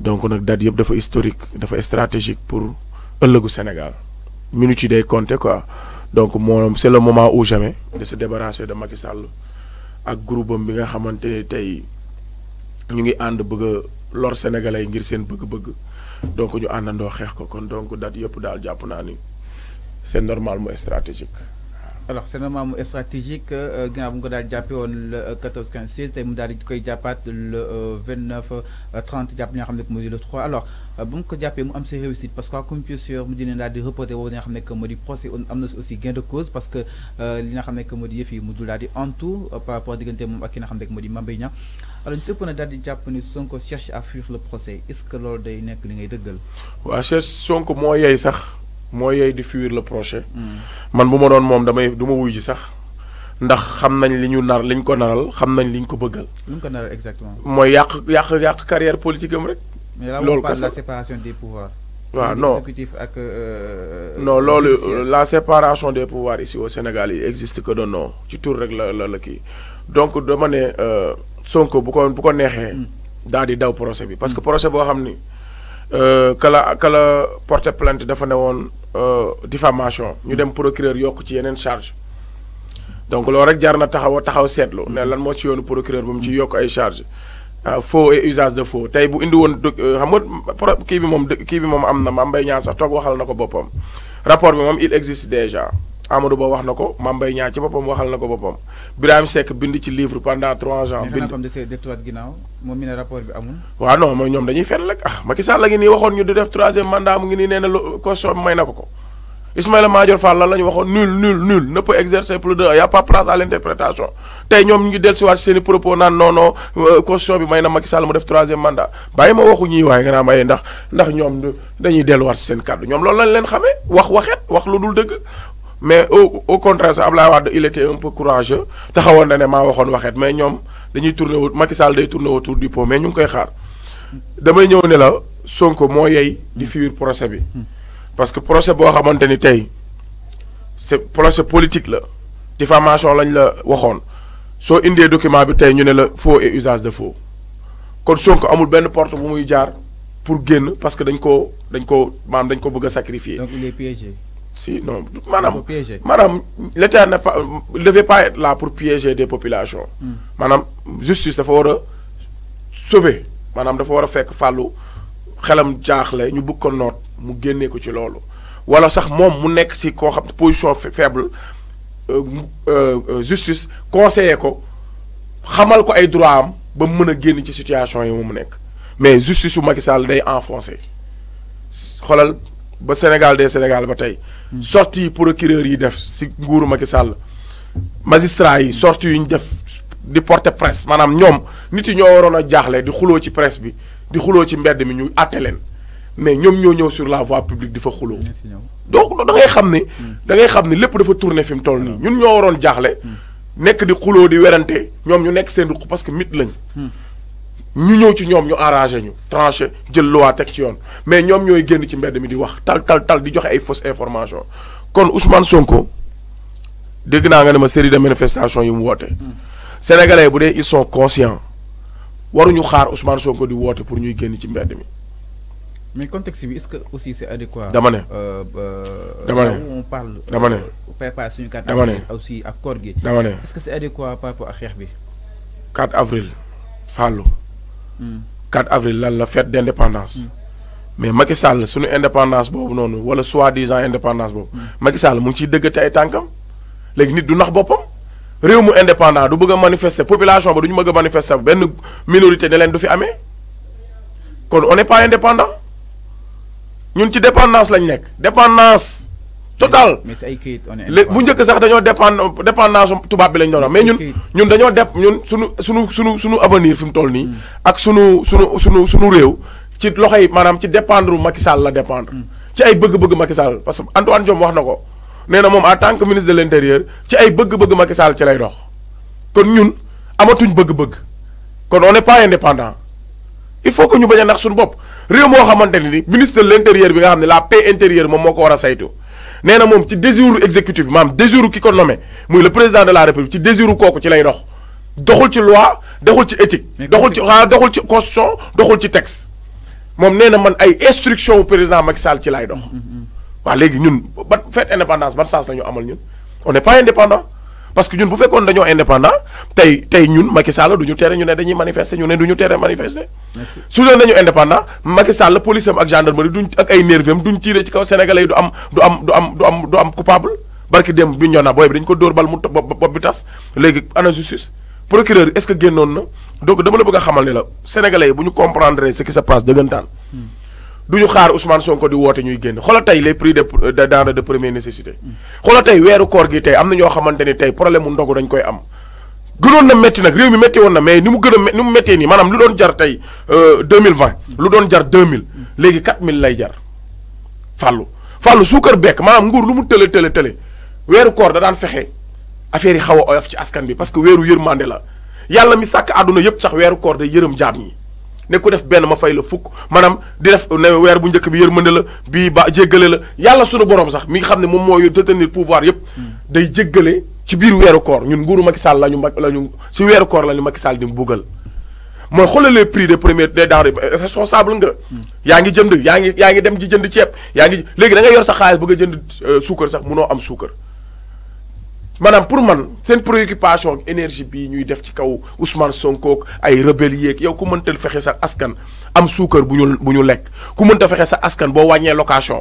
donc nag date yëpp dafa historique dafa stratégique pour ëllëgu Sénégal minutes yi day compté quoi donc moom c' est le moment ou jamais de se débarrasser de Macky Sall ak groupe bi nga xamante ne tey ñu ngi ànd bëgg a lor sénégalais ngir seen bëgg-bëgg donc ñu àndandoo xeex ko kon donc date yëpp daal jàpp naa ni c' est normal mu stratégique. alors c'est finalement moment stratégique ginnaaw bu nga ko le 14 15 16 Et mu daal di koy le 29 euh, 30 euh, jàpp nga le 3 alors euh, bu que ko jàppee mu am ses parce que comme sur mu dina daal di reporté woo li nga xam ne procès am na aussi gain de cause parce que li nga comme que moo di yëf dit mu tout daal par rapport à des ak qui nga xam comme moo di alors nous sëpp di jàpp ni cherche à fuir le procès est ce que loolu de nekk li ngay dëggal. waaw cherche Sonko moo yey sax moo yey di fuir le projet. man bu ma doon moom damay du ma wuy ji sax ndax xam nañ li ñu nar liñ ko naral xam nañ liñ ko bëggal. liñ ko naral exactement. mooy yàq yàq yàq carrière politique am rek. loolu kese la séparation des pouvoirs. waaw non exécutif ak. Euh, euh, non loolu la séparation des pouvoirs ici au Sénégal yi existe que de nom ci tur rek la la la kii donc dama ne euh, Sonko bu ko bu ko neexee. Hmm. daal di daw procès bi. parce que hmm. procès boo xam ni que la porte plainte dafa ne woon. Euh, diffamation ñu dem procureur yokk ci yeneen charge donc loolu rek jar na taxaw taxaw seetlu ne lan moo ci yoonu procureur bu mu ci yokk ay charge euh, faux et usage de faux tey bu indi woon euh, xam nga kii bi moom kii bi moom am na Mame Mbaye Niang sax toog waxal na ko boppam rapport bi moom il existe déjà Amadou Ba wax na ko Mame Mbaye Niang ci boppam waxal na ko boppam Birahim Seck bind ci livre pendant trois ans. bind waaw non mooy ñoom dañuy fenn rek ah Macky la ngi nii waxoon ñu di def troisième mandat mu ngi nii nee na lu constitution bi may na ko ko Ismaïla Madior Fall lan la ñu waxoon nul nul nul ne peut exercer y' a pas place seen i euh, mu def troisième mandat bàyyi ma waxu waaye nga naa may eh, ndax ndax ñoom dañuy delluwaat seen kàddu ñoom loolu lañ leen xamee wax waxet wax lu dul dëgg mais au au contraire c'est Abdoulaye Wade il était un peu courageux taxawoon na ne maa waxoon waxeet mais ñom dañuy tourner wut Macky Sall day tourner autour du pont mais ñu koy xaar damay ñew ne la Sonko mo yey di fuir procès bi. parce que procès bo xamanteni tay c'est procès politique la diffamation lañ la waxone so indé document bi tay ñu ne la faux et usage de faux kon Sonko amul benne porte bu muy jaar pour guen parce que dañ ko dañ ko maam dañ ko bëgg sacrifier. donc il est piégé si non madame madame l'état ne pas devait pas être là pour piéger des populations. Hmm. madame justice est war a sauver maanaam dafa war a fekk fàllu xelam jaaxle ñu bëgg ko noot mu génnee ko ci loolu. wala sax moom mu nek, si koo xam position faible euh, euh, euh, justice conseiller ko xamal ko ay droit ba mu génn ci situation yi mu nek mais justice su Macky Sall day enfoncer xolal ba Sénégal des Sénégal ba tay sorti procureur yi def si nguru Macky magistrat yi sorti yi def di porter presse manam ñom nit yi ñoo warona jaxlé di xulo ci presse bi di xulo ci mbedd mi ñu mais ñom ñoo sur la voie publique di fa donc da ngay xamné mm. da ngay xamné ne dafa tourné nous toll ni ah. ñun ñoo waron jaxlé mm. nek di xulo di wéranté ñom ñu nek sen parce que mm. ñu ñëw ci ñoom ñu arrangé ñu tranché jël loi teg ci yoon mais ñoom ñooy génn ci mbedd mi di wax tal tal tal di joxe ay fausse information kon Ousmane Sonko dégg naa nga ne ma série de manifestation yu mu woote. sénégalais bu dee ils sont conscients waruñu xaar Ousmane Sonko di woote pour ñuy génn ci mbedd mi. mais contexte bi est-ce que aussi c'est adéquat. dama ne euh, euh, dama ne on parle. dama ne préparer suñu 4 avril aussi ak koor gi. dama ne est-ce que c'est adéquat par rapport ak xeex bi. 4 avril Fallou. 4 avril lan la fête d'indépendance. mais Macky Sall suñu indépendance boobu noonu wala soi-disant indépendance boobu. Macky Sall mu ngi ciy dëggate ay tànkam. léegi nit du nax boppam réew mu indépendant du bëgg a manifester population ba du ñu bëgg a manifester benn minorité ne leen du fi amee kon on n'est pas indépendant ñun ci dépendance lañ nekk dépendance. total léegi bu ñëk sax dañoo dépendre dépendance tuba bi lañ doon mais ñun ñun dañoo dép ñun suñu suñu suñu suñu avenir fim toll ni ak suñu suñu suñu suñu réew. ci loxay manam ci dépendre Macky Sall la dépendre. Mm. ci ay bëgg-bëgg Macky Sall parce que Antoine Diom wax nako néna mom en tant que ministre de l'intérieur ci ay bëgg-bëgg Macky Sall ci lay dox. kon ñun amatuñ bëgg-bëgg kon on n'est pas indépendant il faut que ñu bañ nak suñu bop réew mo xamanteni ni ministre de l'intérieur bi nga xamni la paix intérieure mom moko wara saytu. nena mom ci désiru exécutif mam désiru ki ko nommé muy le président de la république ci désiru koku ci lay dox doxul ci loi doxul ci éthique doxul ci doxul ci constitution doxul ci texte mom nena man ay instruction président Macky Sall ci lay dox mm-hmm. wa légui ñun ba fête indépendance ban sens lañu amal ñun on n'est pas indépendant parce que ñun bu fekkoon dañu indépendant tay tay ñun Macky Sall du téré ne dañuy manifester ñu ne du manifester. su nañu indépendant Macky Sall police ak gendarmerie duñ ak ay duñ ci kaw sénégalais du am du am du am du am coupable. barki dem bi bi dañ ana justice procureur est-ce que vous na donc dama la bëgg xamal la sénégalais comprendre ce qui se passe du ñu xaar Ousmane Sonko di woote ñuy génn xoolal tey les prix de denrées de première nécessité. xoolal tey weeru koor gi tey am na ñoo xamante ni tey problème mu ndogu dañ koy am. gënoon na métti nag réew mi métti woon na mais ni mu gën a ni mu méttee nii maanaam lu doon jar tey euh, mille vingt lu doon jar deux mille léegi quatre mille lay jar. fàllu fàllu suukar bekk maanaam nguur lu mu tële tële tële weeru koor da daan fexe affaire yi xaw a oyof ci askan bi parce que weeru yërmande la yàlla mi sàkk àdduna yëpp sax weeru koor day yërëm jaam ñi. nekku def benn ma fay la fukk maanaam di def weer bu njëkk bi yërmande la bi ba jéggale la yàlla sunu borom sax mi nga xam ne moom mooy détenir pouvoir yëpp day jéggale ci biir weeru koor ñun nguuru Macky Sall la ñu ma la ñu si weeru koor lañu ñu Macky Sall di mu buggal mooy xoolal prix des premiers des denrées responsable nga yaa ngi jënd yaa ngi yaa ngi dem ci jënd ceeb yaa ngi léegi da nga yor sa xaalis bëgg jënd euh, suukar sax munoo am suukar madame pour man une préoccupation énergie bii ñuy def ci kaw Ousmane Sonko ay rebelles yeeg yow ku mënta fexe sa askan am suukar bu ñu bu lekk ku mënta fexé sa askan bo wañé location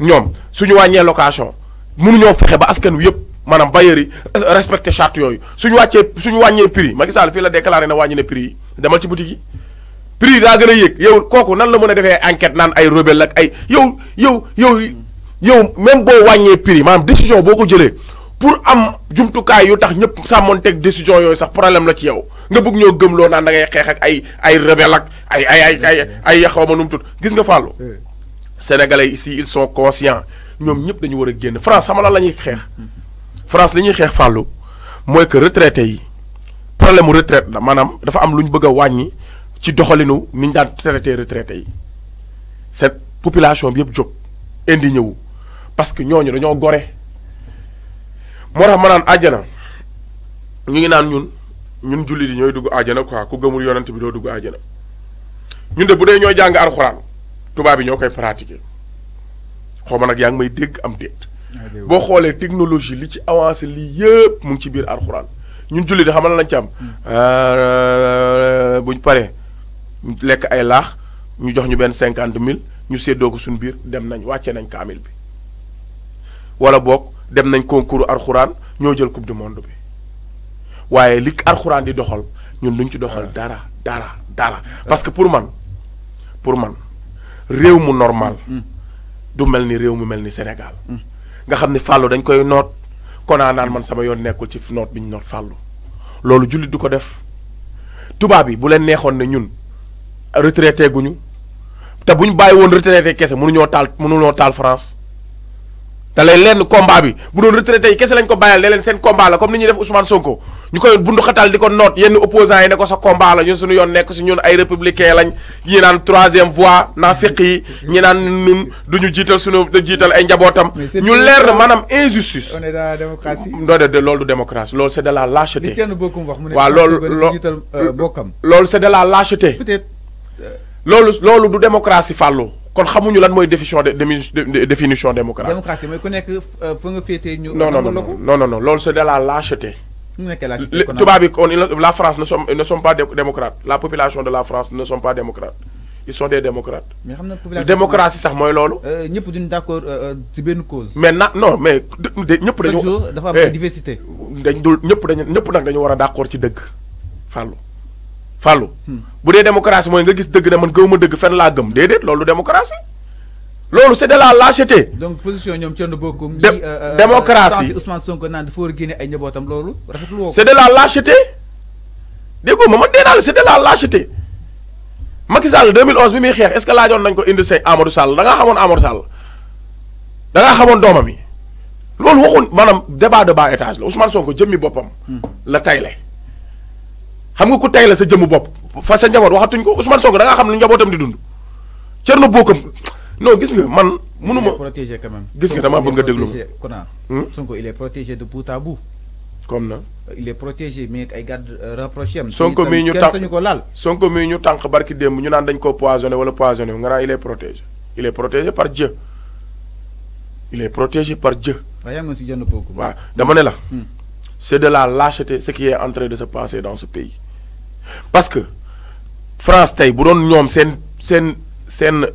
ñom suñu wañé location mënuñoo fexé ba askan wi yëpp maanaam bailleurs yi respecté charte yooyu suñu wàccee suñu wañé prix Macky Sall fi la déclarer na wàññi ne prix yi demal ci boutique prix da gëna gën yow koku nan la mëna défé enquête nan ay rebelle ak ay yow yow yow yow même bo wañé prix manam décision boko jëlé pour am jumtu kay yu tax ñep ñëpp sàmmonteeg décision yoy sax problème la ci yow nga bëgg ñoo gëmloo naan da ngay xeex ak ay ay rebelle ak ay ay ay ay ay yaxaw ma nu mu gis nga Fallou. Sénégalais ici ils sont conscients ñom ñep dañu wara a génn France sama la lañuy xeex. France liñuy ñuy xeex Fallou mooy que retraité yi problème retraite la maanaam dafa am luñ ñu bëgg a ci doxalinu niñ ñu daan traité retraité yi cette population bi yëpp jóg indi ñëw parce que ñooñu dañoo goré moo tax ma naan àjjana ñu ngi naan ñun ñun jullit yi ñooy dugg àjjana quoi ku gëmul yonent bi doo dugg àjjana ñun de bu dee ñooy jàng alxuraan tubaab yi ñoo koy pratiquer xaw ma nag yaa ngi may dégg am déet. boo xoolee technologie li ci avancé lii yëpp mu ngi ci biir alxuraan ñun jullit xamal lañ ci am. Euh, buñ paree lekk ay laax ñu jox ñu benn cinquante mille ñu séddoo ko suñu biir dem nañ wàcce nañ kaamil bi. wala boog dem nañ concours alxuraan ñoo jël coupe du monde bi waaye li alxuraan di doxal ñun duñ ci doxal ah. dara dara dara parce que pour man pour man réew mu normal mm. Mm. du mel ni réew mu mel ni Sénégal mm. nga xam ne fàllu dañ koy noot konaa naan man sama yoon nekkul ci noot bi ñu noot fàllu loolu jullit du ko def tubaab yi bu leen neexoon na ñun retraité guñu te bu ñu bàyyi woon retraité kese mënuñoo taal mënuñoo taal France te lay leen combat bi bu doon retraité yi kese lañ ko bàyyal ne seen combat la comme ni ñuy def Ousmane Sonko ñu koy bundu di ko noot yenn opposants yi ne ko sa combat la ñun suñu yoon nekk si ñun ay républicain lañ ñi naan troisième voie naa feq ñi naan ñun du ñu jiital suñu jiital ay njabootam. ñu leer na maanaam injustice. on est de loolu du démocratie loolu c' est la lâcheté. li bokkum wax mu ne. waaw loolu loo euh, loolu c' est euh, loolu loolu du démocratie fàllu. kon xamuñu lan définition de définition démocratie. démocratie euh, non non non non non de la lâcheté. la France ne sont ne sont pas démocrates la population de la France ne sont pas démocrates ils sont des démocrates. mais démocratie sax moi non, Nous duñ d'accord euh, euh, cause. mais non mais nous eh, diversité. d'accord fàllu hmm. bu dee démocratie mooy nga gis dëgg ne man gëw ma dëgg fenn laa gëm déedéet loolu démocratie loolu c'est la lâcheté. donc position ñoom Thierno Bocoum. de euh, euh, démocratie Ousmane Sonko naan dafa war a génne ay njabootam loolu rafetlu woo ko. c'est de la lâcheté dégg nga man dee naa la c'est de la lâcheté Macky Sall muy xeex est-ce que nañ ko indi say Amadou Sall da ngaa xamoon Amadou Sall da ngaa xamoon doomam yi loolu waxuñ maanaam débat de bas étage la Ousmane Sonko jëmmi boppam. Hmm. la tayle. xam nga ku tey la sa jëmm bopp fa sa njaboot waxatuñ ko Ousmane Sonko da nga xam lu njabootam di dund Thierno bokam non gis nga man. mënu ma protégé quand même. gis nga dama bëgg nga déglu ma hmm? Sonko il est protégé de bout à bout. comme na. il est protégé mais ay garde euh, rapproché am. Sonko mii ñu tank sañu ko laal. Sonko mii ñu tànk barki demb ñu naan dañ ko poisoner wala poisoner nga naan il est protégé il est protégé par Dieu il est protégé par Dieu. waaw yaa ngi jënd Bocoum. waaw dama ne la. Hmm. c'est de la lâcheté ce qui est en train de se passer dans ce pays. parce que France tey bu doon ñoom seen seen seen.